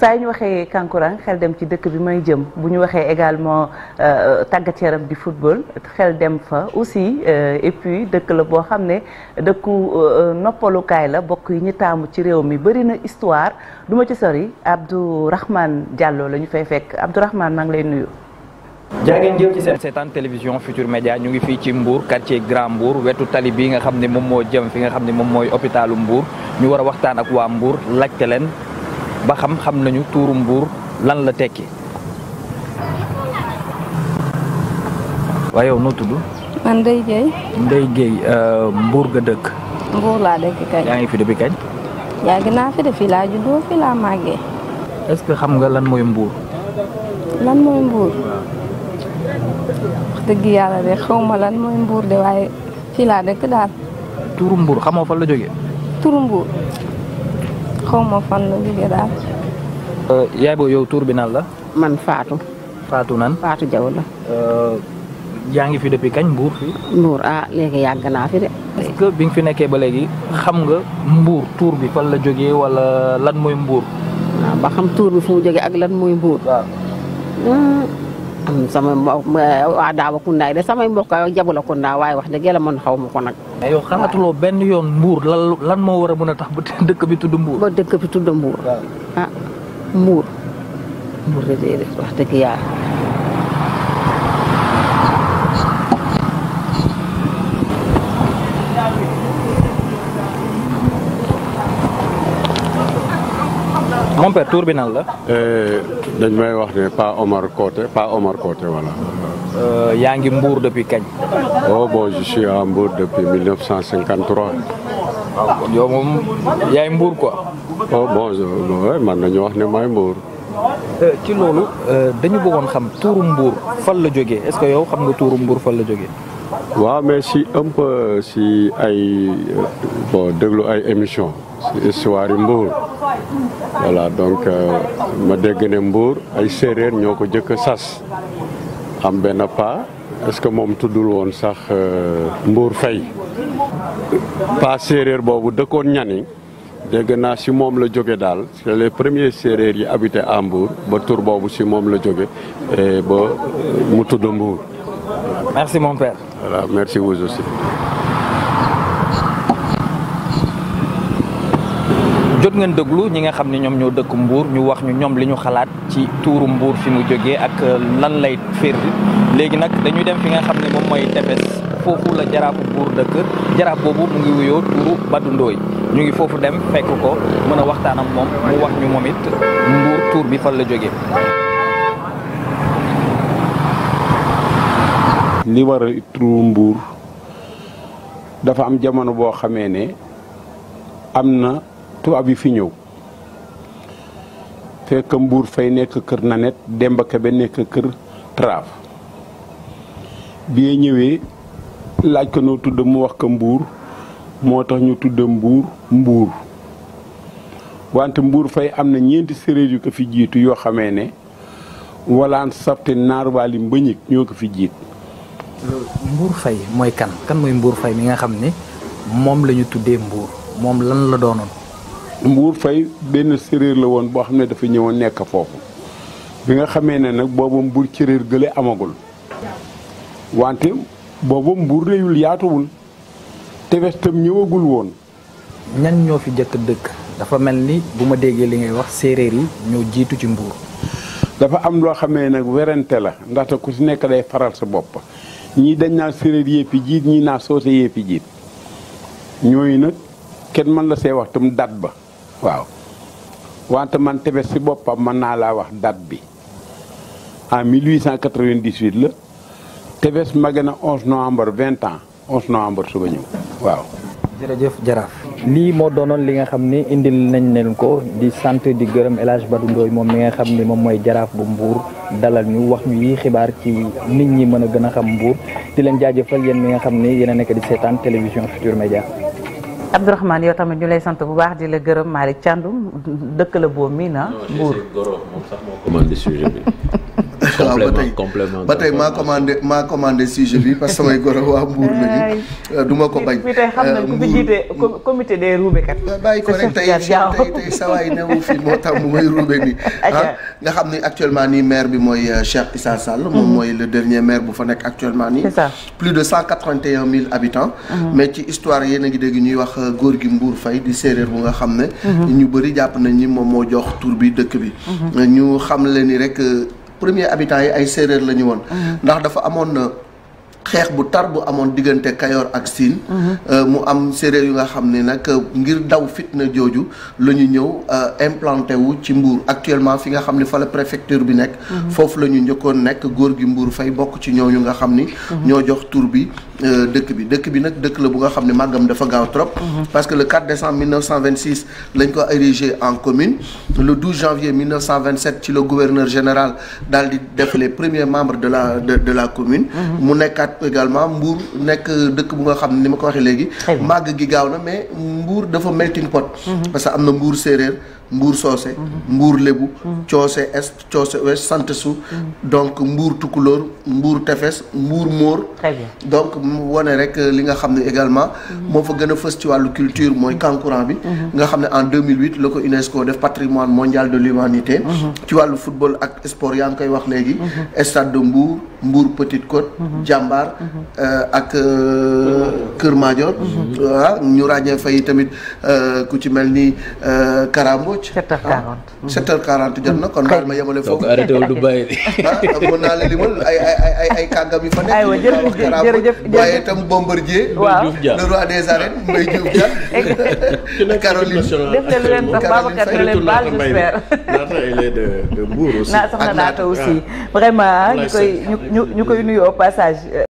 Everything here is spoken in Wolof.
saa ñu waxee kankurang xel dem ci dëkk bi may jëm bu ñu waxee également euh, euh, tàggat yaram di football xel dem fa aussi euh, et puis dëkk la boo xam ne dëkku noppalukaay la bokk yi ñu taamu ci réew mi bëri na histoire du ma ci sori Abdourahmane jàlloo la ñu fay fekk Abdourahmane maa ngi lay nuyu. jaa ngeen jëf ci seetaan télévision Futur Média ñu ngi fii ci Mbour quartier Grand Mbour wetu tali bi nga xam ne moom moo jëm fi nga xam ne moom mooy hôpitalu mbuur ñu war a waxtaan ak waa Mbour laajte ba xam-xam nañu tuuru mbuur lan la tekki waaye yow noo tudd man Ndeye Guèye Ndeye Guèye euh, mbuur nga dëkk mbuur laa dëkk kañ yaa ngi fi depuis kañ yaa ngi naa fi de fii laa juddoo fii laa màggee est-ce que xam nga lan mooy mbuur lan mooy mbuur dëgg yàlla de xaw ma lan mooy mbuur de waaye fii laa dëkk daal tuuru mbuur xamoo fan la jógee tuuru mbuur xaw ma fan la jóge daal. Euh, yaay booy yow tur nan la. man Fatou. Fatou nan faatu Diaw la. Euh, yaa ngi fi depuis kañ mbuur fii. Mbour ah léegi yàgg naa fi de. est bi nga fi nekkee ba léegi xam nga mbuur tur bi fan la jógee wala lan mooy Mbour. waaw ba xam tur bi mu jógee ak lan mooy mbuur sama waa daawa kundaay de samay mbokk ak jabula kundaa waaye wax dëgg yàlla man xaw ma ko nag. a yow xalaatuloo benn yoon mbuur lan lan moo war a mën a tax bu dëkk bi tudd mbuur. ba dëkk bi tudd mbuur. ah de déedéet wax dëgg yàlla. mon père tur bi nan la. Euh, dañ may wax ne Pa Omar Koté Pa Omar Koté voilà. Euh, yaa ngi Mbour depuis kañ. oh bon je suis à Mbour depuis 1953. yow moom yaay Mbour quoi. oh bon man nañu wax ne maay Mbour. Euh, ci loolu dañu bëggoon xam tuuru Mbour fan la jógee est-ce que yow xam nga tuuru Mbour fan la jógee. waaw mais si un si ay bon déglu ay émission si histoire yi voilà donc euh, ma dégg ne Mbour ay séeréer ñoo ko jëkk sas am benn pa est-ce que moom tuddul woon sax euh, Mbour Faye pa séeréer boobu dëkkoon ñani dégg naa si moom la jóge daal c'est les premiers séeréer yi habité à Mbour ba tur boobu si moom la jóge ba euh, mu tudd Mbour merci mon père voilà merci vous aussi jot ngeen déglu ñi nga xam ne ñoom ñoo dëkk mbuur ñu wax ñu ñoom li ñu xalaat ci tuuru mbuur fi mu jógee ak euh, lan lay féer léegi nag dañuy dem fi nga xam ne moom mooy tefes foofu la jaraafu Mbour boobu mu ngi wuyoo tuuru Badou Ndoye ñu ngi foofu dem fekk ko mën a waxtaan ak moom mu wax ñu moom it tuur bi fan la jógee. li war a tuuru Mbour dafa am jamono boo xamee ne am na. tubaab yi fi ñëw fekk mbuur fay nekk kër Nanet Demba Kebe nekk kër Traaf bi ñëwee laaj ko noo tudd mu wax ko Mbour moo tax ñu tudd Mbour mbuur wante mbuur fay am na ñeenti séeréer yu ko fi jiitu yoo xamee ne walaan safte naar waali mbëñik ñoo ko fi jiit Mbour Faye mooy kan kan mooy Mbour Faye mi nga xam ne moom lañu ñu tuddee Mbour moom lan la doonoon Mbour fay benn séréer la woon boo xam ne dafa ñëwoon nekk foofu bi nga xamee ne nag booba Mbour cëréer gële amagul wante booba Mbour réyul yaatuwul te westam ñëwagul woon ñan ñoo fi jëkk dëkk dafa mel ni bu ma déggee li ngay wax séeréer yi ñoo jiitu ci Mbour dafa am loo xamee nag werante la ndaxte ku si nekk day faral sa boppa ñii dañ naa séeréer yee fi jiit ñii naa soose yee fi jiit nag kenn mën la see wax tam dat ba waaw wante man tefes si boppam mën naa laa wax dat bi en 1898 la tefes ma gën a 11 novembre 20 ans 11 novembre su ko ñëw waaw. jërëjëf jaraaf lii moo doonoon li nga xam ni indil nañ leen ko di sant di gërëm El Hadj Badou Ndoye moom mi nga xam ni moom mooy jaraaf bu mbuur dalal ñu wax ñu yi xibaar ci nit ñi mën a gën a xam mbuur di leen jaajëfal yéen mi nga xam ni yéen a nekk di seetaan télévision Futur Média Abdourahmane yow tamit ñu lay sant bu baax di la gërëm Malick Thiandoum dëkk la boobu miin ah. buur complément ah, ba tey maa commandé maa commandé sujet bi parce que samay goro waa Mbour nañu. Euh, du ma ko bañ. Mbour tey xam nañ ku fi euh, jiite comité des ruubekat. Euh, bàyyi ko rek tey tey tey saa yi newu fi moo tax mu may ruube nii. Ah, nga xam ni actuellement nii maire bi mooy Cheikh Issa Sall. moom mhm. mooy le dernier maire bu fa nekk actuellement nii. plus de cent quatre-vingt-un mille habitants. Mhm. mais ci histoire yéen a ngi dégg ñuy wax góor gi Mbour Faye di séeréer bu nga xam ne. Mhm. ñu bëri jàpp nañ moom moo jox tur bi dëkk bi. ñu xam leen ni rek. premier habitants yi ay séeréer la woon. ndax dafa amoon euh, xeex bu tar bu amoon diggante Kayoor ak Siin mhm. euh, mu am séeréer yu nga xam ne nag euh, ngir daw fitna jooju la ñu ñëw euh, implanté wu ci Mbour actuellement fi nga xam ne fa la préfecture bi nekk mhm. foofu la ñu njëkkoon nekk góor gi Mbour fay bokk ci ñooñu nga xam ni mhm. ñoo jox tur bi dëkk bi dëkk bi nag dëkk la bu nga xam ne màggam dafa gaaw trop parce que le 4 décembre 1926 lañ ko érigé en commune le 12 janvier 1927 ci le gouverneur général daal di def les premiers membres de la de, de la commune mu jàpp également Mbour nekk dëkk bu nga xam ne ni ma ko waxee léegi màgg gi gaaw na mais Mbour dafa melting pot mm-hmm. parce que am na Mbour séeréer mbuur soose mbuur lébu coose est coose ouest sant su donc mbuur tukulóor mbuur tefes mbuur móor donc wane rek li nga xam ne également moo fa gën a fës ci wàllu culture mooy kankuran bi nga xam ne en 2008 la ko UNESCO def patrimoine mondial de l'humanité ci wàllu football ak sport yaa ngi koy wax léegi stade de mbuur mbuur petite côte jàmbaar euh, ak euh, Kër Madior waaw mhm. ñu ràññee fay tamit euh, ku ci mel ni Karambo Mbodj. 7h40 7h40 jot na kon daal ma yemale foofu. donc arrêté wul du bàyyi de. ah naa la limal ay ay ay ay kàngam yu fa nekk. aywa jërëjëf jërëjëf waaye itam Bombardier. waaw le roi des arènes Mbaye Diouf Dia. Caroline def lu leen sax Babacar da leen baal j'espère. naata il est de naata aussi ah. vraiment ñu koy ñu ñu koy nuyu au passage.